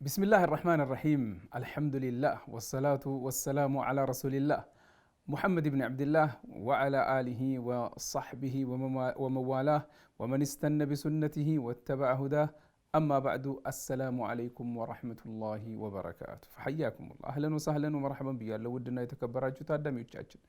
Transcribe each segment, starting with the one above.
بسم الله الرحمن الرحيم الحمد لله والصلاة والسلام على رسول الله محمد بن عبد الله وعلى آله وصحبه وموالاه ومن استنى بسنته واتبع هداه أما بعد السلام عليكم ورحمة الله وبركاته فحياكم الله أهلا وسهلا ومرحبا بيا لو ودنا يتكبر تادم يتشاجد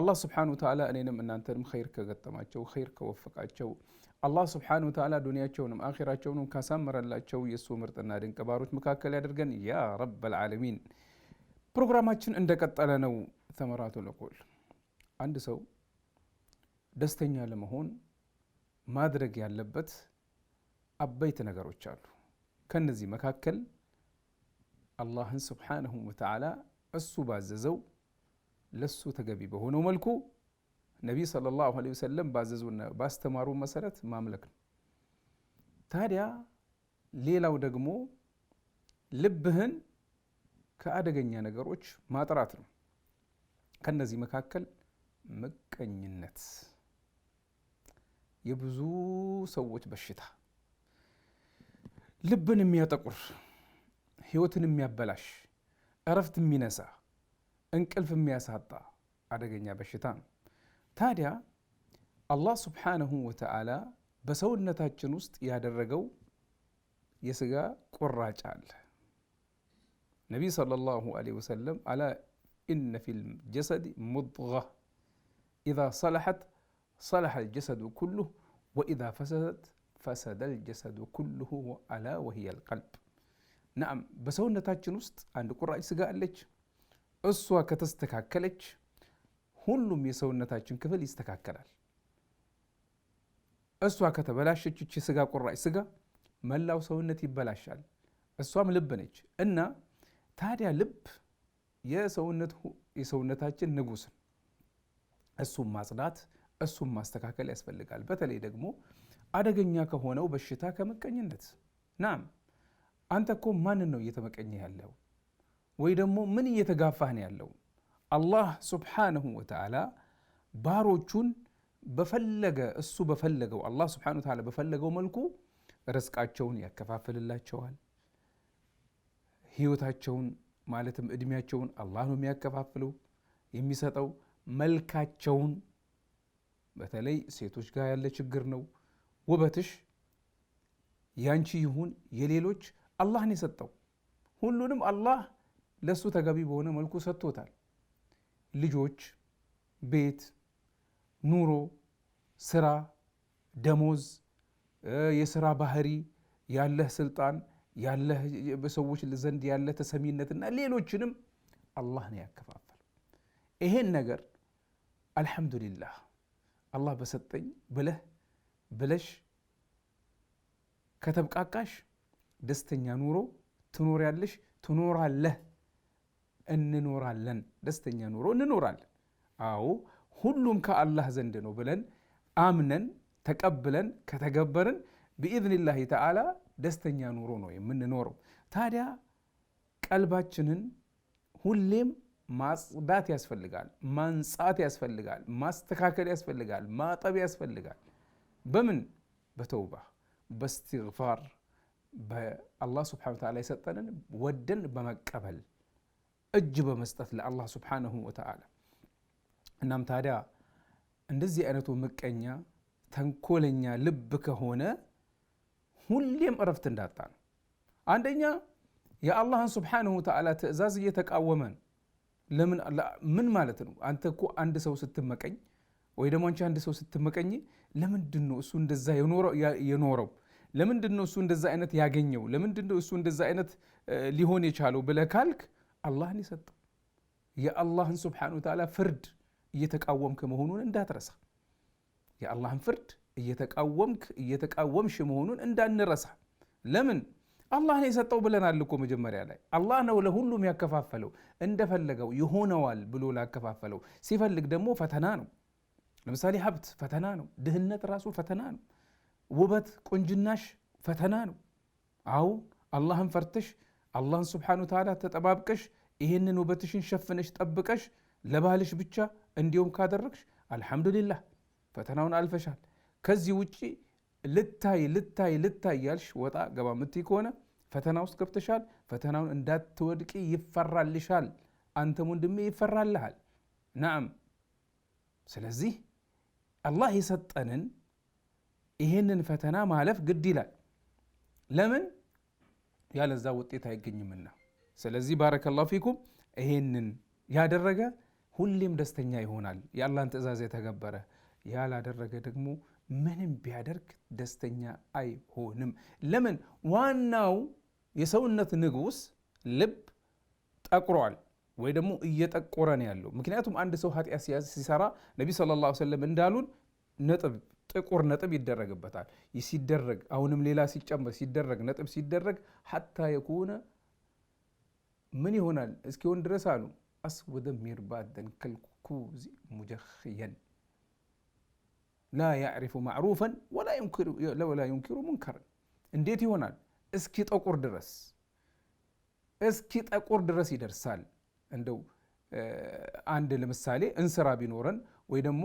አላህ ስብሓነሁ ወተዓላ እኔንም እናንተንም ኸይር ከገጠማቸው ኸይር ከወፈቃቸው አላህ ስብሓነሁ ወተዓላ ዱንያቸውንም አኼራቸውንም ካሳመረላቸው የእሱ ምርጥና ድንቅ ባሮች መካከል ያደርገን ያ ረበል ዓለሚን። ፕሮግራማችን እንደቀጠለ ነው። ተመራቱል ዑቁል አንድ ሰው ደስተኛ ለመሆን ማድረግ ያለበት አበይት ነገሮች አሉ። ከነዚህ መካከል አላህን ስብሓነሁ ወተዓላ እሱ ባዘዘው ለሱ ተገቢ በሆነው መልኩ ነቢይ ሰለላሁ ዐለይሂ ወሰለም ባዘዙና ባስተማሩ መሰረት ማምለክ ነው። ታዲያ ሌላው ደግሞ ልብህን ከአደገኛ ነገሮች ማጥራት ነው። ከነዚህ መካከል ምቀኝነት፣ የብዙ ሰዎች በሽታ፣ ልብን የሚያጠቁር ህይወትን የሚያበላሽ እረፍት የሚነሳ እንቅልፍ የሚያሳጣ አደገኛ በሽታ ነው። ታዲያ አላህ ሱብሓነሁ ወተዓላ በሰውነታችን ውስጥ ያደረገው የስጋ ቁራጭ አለ። ነቢይ ሰለላሁ ዐለይሂ ወሰለም አላ ኢነ ፊል ጀሰድ ሙድጋ ኢዛ ሰለሐት ሰለሐ ልጀሰዱ ኩሉሁ ወኢዛ ፈሰደት ፈሰደ ልጀሰዱ ኩሉሁ አላ ወሂየ ልቀልብ። ናም በሰውነታችን ውስጥ አንድ ቁራጭ ስጋ አለች። እሷ ከተስተካከለች ሁሉም የሰውነታችን ክፍል ይስተካከላል። እሷ ከተበላሸች ይቺ ስጋ ቁራጭ ስጋ መላው ሰውነት ይበላሻል። እሷም ልብ ነች እና ታዲያ ልብ የሰውነታችን ንጉስ ነው። እሱም ማጽዳት እሱም ማስተካከል ያስፈልጋል። በተለይ ደግሞ አደገኛ ከሆነው በሽታ ከመቀኝነት ናም። አንተ እኮ ማንን ነው እየተመቀኘ ያለው? ወይ ደግሞ ምን እየተጋፋህ ነው ያለው? አላህ ሱብሓነሁ ወተዓላ ባሮቹን በፈለገ እሱ በፈለገው አላህ ሱብሓነሁ ወተዓላ በፈለገው መልኩ ረስቃቸውን ያከፋፍልላቸዋል። ህይወታቸውን ማለትም እድሜያቸውን አላህ ነው የሚያከፋፍለው የሚሰጠው። መልካቸውን በተለይ ሴቶች ጋር ያለ ችግር ነው። ውበትሽ ያንቺ ይሁን የሌሎች አላህ ነው የሰጠው። ሁሉንም አላህ ለእሱ ተገቢ በሆነ መልኩ ሰጥቶታል። ልጆች፣ ቤት፣ ኑሮ፣ ስራ፣ ደሞዝ፣ የስራ ባህሪ፣ ያለህ ስልጣን፣ ያለህ በሰዎች ዘንድ ያለህ ተሰሚነትና ሌሎችንም አላህ ነው ያከፋፈል። ይሄን ነገር አልሐምዱሊላህ አላህ በሰጠኝ ብለህ ብለሽ ከተብቃቃሽ ደስተኛ ኑሮ ትኖር ያለሽ ትኖራለህ። እንኖራለን። ደስተኛ ኑሮ እንኖራለን። አዎ ሁሉም ከአላህ ዘንድ ነው ብለን አምነን ተቀብለን ከተገበርን ብኢዝኒላህ ተዓላ ደስተኛ ኑሮ ነው የምንኖረው። ታዲያ ቀልባችንን ሁሌም ማጽዳት ያስፈልጋል፣ ማንጻት ያስፈልጋል፣ ማስተካከል ያስፈልጋል፣ ማጠብ ያስፈልጋል። በምን በተውባ በእስትግፋር በአላህ ስብሐነሁ ወተዓላ የሰጠንን ወደን በመቀበል እጅ በመስጠት ለአላህ ስብሓነሁ ወተዓላ። እናም ታዲያ እንደዚህ አይነቱ ምቀኛ ተንኮለኛ ልብ ከሆነ ሁሌም እረፍት እንዳጣ ነው። አንደኛ የአላህን ስብሓነሁ ወተዓላ ትእዛዝ እየተቃወመ ነው። ምን ማለት ነው? አንተ እኮ አንድ ሰው ስትመቀኝ ወይ ደግሞ አንቺ አንድ ሰው ስትመቀኝ፣ ለምንድን ነው እሱ እንደዛ የኖረው? ለምንድን ነው እሱ እንደዛ አይነት ያገኘው? ለምንድን ነው እሱ እንደዛ አይነት ሊሆን የቻለው ብለህ ካልክ አላህን የሰጠ የአላህን ስብሓን ወተዓላ ፍርድ እየተቃወምክ መሆኑን እንዳትረሳ የአላህን ፍርድ እየተቃወምክ እየተቃወምሽ መሆኑን እንዳንረሳ ለምን አላህን የሰጠው ብለናል እኮ መጀመሪያ ላይ አላህ ነው ለሁሉም ያከፋፈለው እንደፈለገው ይሆነዋል ብሎ ላከፋፈለው ሲፈልግ ደግሞ ፈተና ነው ለምሳሌ ሀብት ፈተና ነው ድህነት ራሱ ፈተና ነው ውበት ቁንጅናሽ ፈተና ነው አዎ አላህን ፈርተሽ አላህን ስብሓነ ወተዓላ ተጠባብቀሽ ይህንን ውበትሽን ሸፍነሽ ጠብቀሽ ለባህልሽ ብቻ እንዲሁም ካደረግሽ አልሐምዱሊላህ ፈተናውን አልፈሻል። ከዚህ ውጭ ልታይ ልታይ ልታይ ያልሽ ወጣ ገባ ምትይ ከሆነ ፈተና ውስጥ ገብተሻል። ፈተናውን እንዳትወድቂ ይፈራልሻል። አንተም ወንድሜ ይፈራልሃል። ናም ስለዚህ አላህ የሰጠንን ይህንን ፈተና ማለፍ ግድ ይላል። ለምን ያለዛ ውጤት አይገኝምና። ስለዚህ ባረከላሁ ፊኩም ይሄንን ያደረገ ሁሌም ደስተኛ ይሆናል፣ የአላህን ትእዛዝ የተገበረ። ያላደረገ ደግሞ ምንም ቢያደርግ ደስተኛ አይሆንም። ለምን? ዋናው የሰውነት ንጉስ ልብ ጠቁሯል፣ ወይ ደግሞ እየጠቆረ ነው ያለው። ምክንያቱም አንድ ሰው ኃጢአት ሲሰራ ነቢ ሰለላሁ ዐለይሂ ወሰለም እንዳሉን ነጥብ ጥቁር ነጥብ ይደረግበታል። ሲደረግ አሁንም ሌላ ሲጨመር ሲደረግ ነጥብ ሲደረግ ሀታ የኮነ ምን ይሆናል እስኪሆን ድረስ አሉ አስወደ ሚርባደን ከልኩዚ ሙጀኽየን ላ ያዕሪፉ ማዕሩፈን ወላ ዩንኪሩ ሙንከር። እንዴት ይሆናል? እስኪ ጠቁር ድረስ እስኪ ጠቁር ድረስ ይደርሳል። እንደው አንድ ለምሳሌ እንስራ ቢኖረን ወይ ደግሞ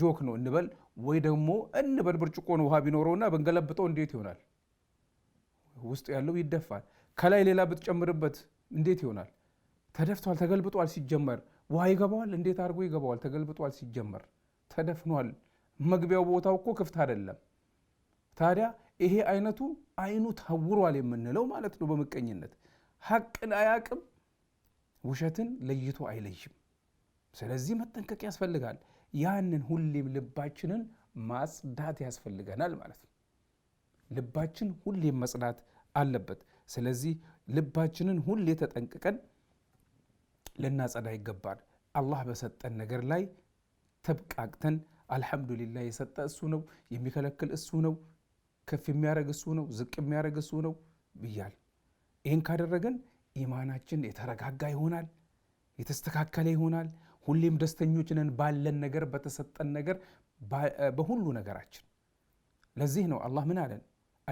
ጆክ ነው እንበል ወይ ደግሞ እንበል ብርጭቆ ነው ውሃ ቢኖረውና ብንገለብጠው እንዴት ይሆናል? ውስጡ ያለው ይደፋል። ከላይ ሌላ ብትጨምርበት እንዴት ይሆናል? ተደፍቷል፣ ተገልብጧል። ሲጀመር ውሃ ይገባዋል? እንዴት አድርጎ ይገባዋል? ተገልብጧል። ሲጀመር ተደፍኗል። መግቢያው ቦታው እኮ ክፍት አይደለም። ታዲያ ይሄ አይነቱ አይኑ ታውሯል የምንለው ማለት ነው። በምቀኝነት ሀቅን አያቅም፣ ውሸትን ለይቶ አይለይም። ስለዚህ መጠንቀቅ ያስፈልጋል። ያንን ሁሌም ልባችንን ማጽዳት ያስፈልገናል ማለት ነው። ልባችን ሁሌም መጽዳት አለበት። ስለዚህ ልባችንን ሁሌ ተጠንቅቀን ልናጸዳ ይገባል። አላህ በሰጠን ነገር ላይ ተብቃቅተን አልሐምዱሊላህ፣ የሰጠ እሱ ነው፣ የሚከለክል እሱ ነው፣ ከፍ የሚያደርግ እሱ ነው፣ ዝቅ የሚያደርግ እሱ ነው ብያል። ይህን ካደረገን ኢማናችን የተረጋጋ ይሆናል፣ የተስተካከለ ይሆናል። ሁሌም ደስተኞች ነን ባለን ነገር፣ በተሰጠን ነገር፣ በሁሉ ነገራችን። ለዚህ ነው አላህ ምን አለን?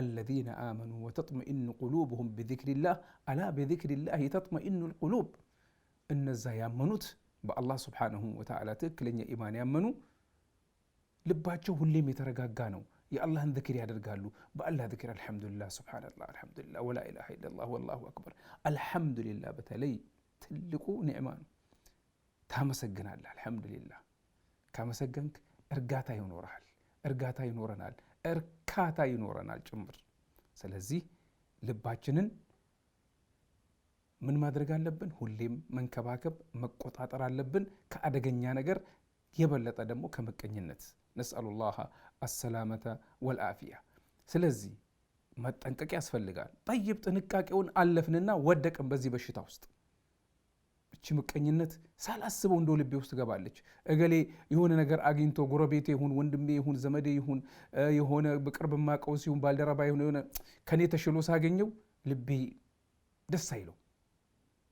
አለዚነ አመኑ ወተጥመኢኑ ቁሉብሁም ቢዚክሪላህ አላ ቢዚክሪላህ ተጥመኢኑ ልቁሉብ። እነዛ ያመኑት በአላህ ስብሓነሁ ወተዓላ ትክክለኛ ኢማን ያመኑ ልባቸው ሁሌም የተረጋጋ ነው። የአላህን ዝክር ያደርጋሉ። በአላህ ዝክር አልሐምዱሊላህ፣ ሱብሓነላህ፣ አልሐምዱሊላህ፣ ወላ ኢላሃ ኢለላህ፣ ወላሁ አክበር። አልሐምዱሊላህ በተለይ ትልቁ ኒዕማ ነው። ታመሰግናለህ። አልሐምዱሊላህ ካመሰገንክ እርጋታ ይኖረሃል፣ እርጋታ ይኖረናል፣ እርካታ ይኖረናል ጭምር። ስለዚህ ልባችንን ምን ማድረግ አለብን? ሁሌም መንከባከብ፣ መቆጣጠር አለብን ከአደገኛ ነገር የበለጠ ደግሞ ከምቀኝነት ነስአሉላህ አሰላመተ ወልአፊያ። ስለዚህ መጠንቀቅ ያስፈልጋል። ጠይብ ጥንቃቄውን አለፍንና ወደቅን በዚህ በሽታ ውስጥ ይቺ ምቀኝነት ሳላስበው እንደ ልቤ ውስጥ ገባለች። እገሌ የሆነ ነገር አግኝቶ ጎረቤቴ ይሁን ወንድሜ ይሁን ዘመዴ ይሁን የሆነ በቅርብ ማቀው ሲሁን ባልደረባ ይሁን የሆነ ከኔ ተሽሎ ሳገኘው ልቤ ደስ አይለው።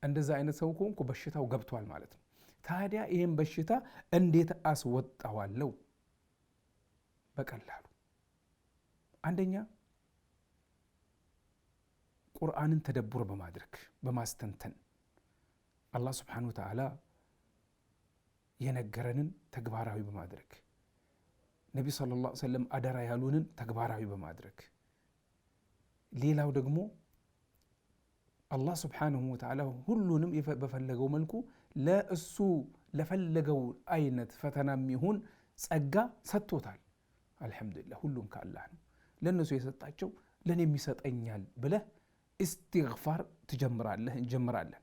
እንደዛ አይነት ሰው ከሆንኩ በሽታው ገብቷል ማለት ነው። ታዲያ ይህን በሽታ እንዴት አስወጣዋለው? በቀላሉ አንደኛ ቁርአንን ተደቡር በማድረግ በማስተንተን አላህ ስብሓነ ወተዓላ የነገረንን ተግባራዊ በማድረግ ነቢ ሰለላሁ ዐለይሂ ወሰለም አደራ ያሉንን ተግባራዊ በማድረግ ሌላው ደግሞ አላህ ስብሓነሁ ወተዓላ ሁሉንም በፈለገው መልኩ ለእሱ ለፈለገው አይነት ፈተና የሚሆን ጸጋ ሰጥቶታል። አልሐምዱሊላህ ሁሉም ከአላህ ነው። ለእነሱ የሰጣቸው ለእኔም ይሰጠኛል ብለህ ኢስቲግፋር ትጀምራለህ እንጀምራለን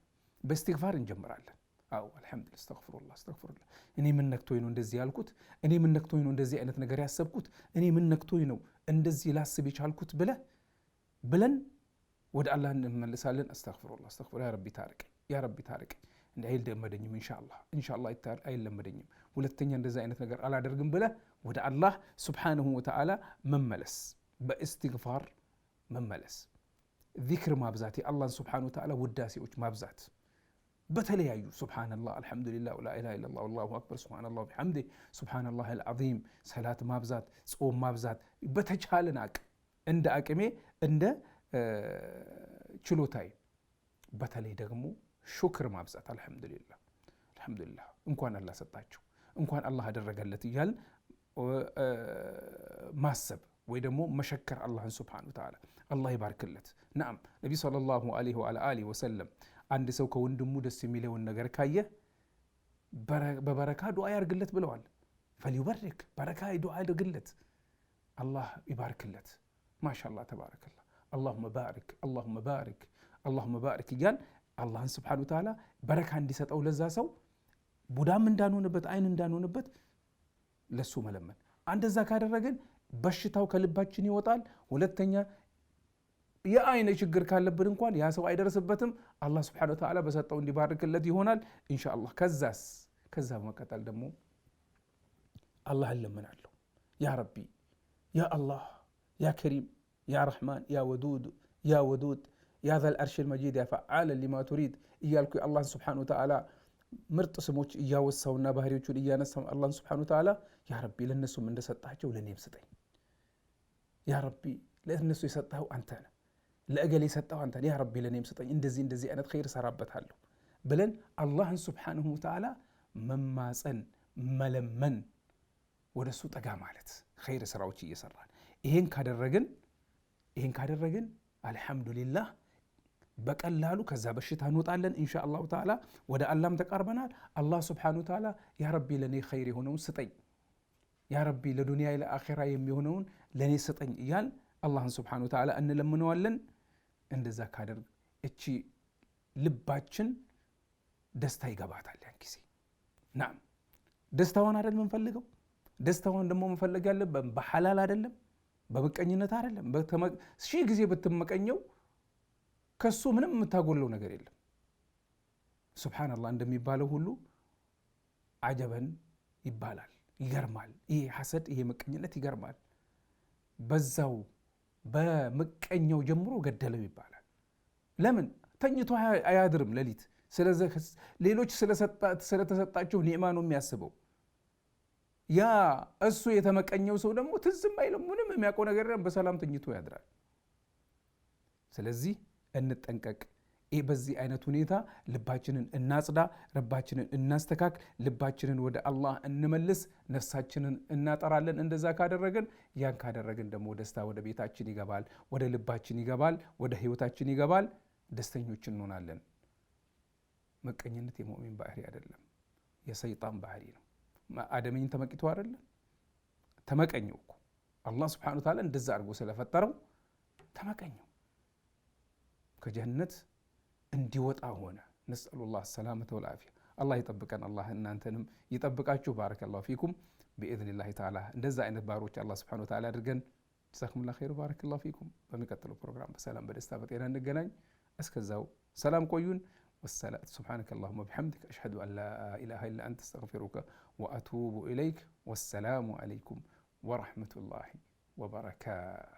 በእስትግፋር እንጀምራለን። አዎ አልሐምዱላ አስተግፍሩላ አስተግፍሩላ። እኔ ምን ነክቶኝ ነው እንደዚህ ያልኩት? እኔ ምን ነክቶኝ ነው እንደዚህ አይነት ነገር ያሰብኩት? እኔ ምን ነክቶኝ ነው እንደዚህ ላስብ የቻልኩት? ብለህ ብለን ወደ አላህ እንመልሳለን። አስተግፍሩላ አስተግፍሩላ። ያ ረቢ ታርቀኝ፣ ያ ረቢ ታርቀኝ። እንዲ አይለመደኝም፣ እንሻላ እንሻላ አይለመደኝም፣ ሁለተኛ እንደዚህ አይነት ነገር አላደርግም ብለ ወደ አላህ ስብሓንሁ ወተዓላ መመለስ፣ በእስትግፋር መመለስ፣ ዚክር ማብዛት፣ የአላህን ስብሓን ወተዓላ ውዳሴዎች ማብዛት በተለያዩ ሱብሓነላህ አልሐምዱሊላህ ላኢላሃ ኢለላህ ወላሁ አክበር ሱብሓነላህ ቢሐምዲህ ሱብሓነላህ አልዓዚም ሰላት ማብዛት ጾም ማብዛት በተቻለን አቅም እንደ አቅሜ እንደ ችሎታዬ በተለይ ደግሞ ሹክር ማብዛት አልሐምዱሊላህ አልሐምዱሊላህ እንኳን አላህ ሰጣቸው እንኳን አላህ አደረገለት እያልን ማሰብ ወይ ደግሞ መሸከር አላህን ሱብሓነሁ ወተዓላ አላህ ይባርክለት። ናም ነቢ ሰለላሁ ዐለይሂ ወሰለም አንድ ሰው ከወንድሙ ደስ የሚለውን ነገር ካየ በበረካ ዱዓ ያርግለት ብለዋል። ፈሊበርክ በረካ ዱዓ ያድርግለት፣ አላህ ይባርክለት። ማሻላ ተባረከላ። አላሁመ ባሪክ አላሁመ ባሪክ አላሁመ ባሪክ እያል አላህን ስብሓነ ወተዓላ በረካ እንዲሰጠው ለዛ ሰው ቡዳም እንዳንሆንበት አይን እንዳንሆንበት ለሱ መለመን። አንደዛ ካደረገን በሽታው ከልባችን ይወጣል። ሁለተኛ يا أين شجر كان لبر إنكوان يا سو أيدر سبتم الله سبحانه وتعالى بس أتون يبارك الذي هنا إن شاء الله كزاس كزا ما قتل دمو الله اللي من علو يا ربي يا الله يا كريم يا رحمن يا ودود يا ودود يا ذا الأرش المجيد يا فعال اللي ما تريد إيالك الله سبحانه وتعالى مرت سموك يا وسونا بهري وشول إيانا الله سبحانه وتعالى يا ربي لن نسو من دسات تحجو لن يمسطين يا ربي لن نسو يسطه أنت ለእገሌ ሰጠው አንተን ያ ረቢ ለእኔም ስጠኝ፣ እንደዚህ እንደዚህ አይነት ኸይር ሰራበታለሁ ብለን አላህን ሱብሓነሁ ወተዓላ መማፀን መለመን ወደሱ ጠጋ ማለት ኸይር ስራዎች እየሰራን ይሄን ካደረግን ይሄን ካደረግን አልሐምዱሊላህ በቀላሉ ከዛ በሽታ እንወጣለን። ኢንሻ አላሁ ተዓላ ወደ አላም ተቃርበናል። አላህ ስብሓነሁ ተዓላ ያ ረቢ ለእኔ ኸይር የሆነውን ስጠኝ፣ ያ ረቢ ለዱንያ ለአኼራ የሚሆነውን ለእኔ ስጠኝ እያል አላህን ስብሓነሁ ተዓላ እንለምነዋለን። እንደዛ ካደርግ እቺ ልባችን ደስታ ይገባታል። ያን ጊዜ ና ደስታዋን አደል የምንፈልገው። ደስታዋን ደግሞ መፈለግ ያለብን በሐላል አይደለም፣ በምቀኝነት አይደለም። ሺህ ጊዜ ብትመቀኘው ከሱ ምንም የምታጎለው ነገር የለም። ሱብሓነላህ እንደሚባለው ሁሉ አጀበን ይባላል። ይገርማል። ይሄ ሐሰድ ይሄ ምቀኝነት ይገርማል። በዛው በምቀኛው ጀምሮ ገደለው ይባላል። ለምን ተኝቶ አያድርም ሌሊት። ሌሎች ስለተሰጣቸው ኒዕማ ነው የሚያስበው። ያ እሱ የተመቀኘው ሰው ደግሞ ትዝም አይልም፣ ምንም የሚያውቀው ነገር በሰላም ተኝቶ ያድራል። ስለዚህ እንጠንቀቅ። ይህ በዚህ አይነት ሁኔታ ልባችንን እናጽዳ፣ ረባችንን እናስተካክል፣ ልባችንን ወደ አላህ እንመልስ፣ ነፍሳችንን እናጠራለን። እንደዛ ካደረግን ያን ካደረግን ደግሞ ደስታ ወደ ቤታችን ይገባል፣ ወደ ልባችን ይገባል፣ ወደ ህይወታችን ይገባል። ደስተኞች እንሆናለን። መቀኝነት የሙእሚን ባህሪ አይደለም፣ የሰይጣን ባህሪ ነው። አደመኝን ተመቂቶ አይደለም ተመቀኘው እኮ አላህ ስብሓነሁ ወተዓላ እንደዛ አድርጎ ስለፈጠረው ተመቀኘው ከጀነት እንዲወጣ ሆነ። ነስአሉላህ ሰላመተ ወልአፊያ። አላህ ይጠብቀን፣ አላህ እናንተንም ይጠብቃችሁ። ባረከላሁ ፊኩም ቢኢዝኒላሂ ተዓላ። እንደዛ አይነት ባሮች አላህ ስብሐነ ወተዓላ አድርገን። ጀዛኩሙላህ ኸይር። ባረከላሁ ፊኩም። በሚቀጥለው ፕሮግራም በሰላም በደስታ በጤና እንገናኝ። እስከዛው ሰላም ቆዩን። والسلام سبحانك اللهم وبحمدك أشهد أن لا إله إلا أنت أستغفرك وأتوب إليك والسلام عليكم ورحمة الله وبركاته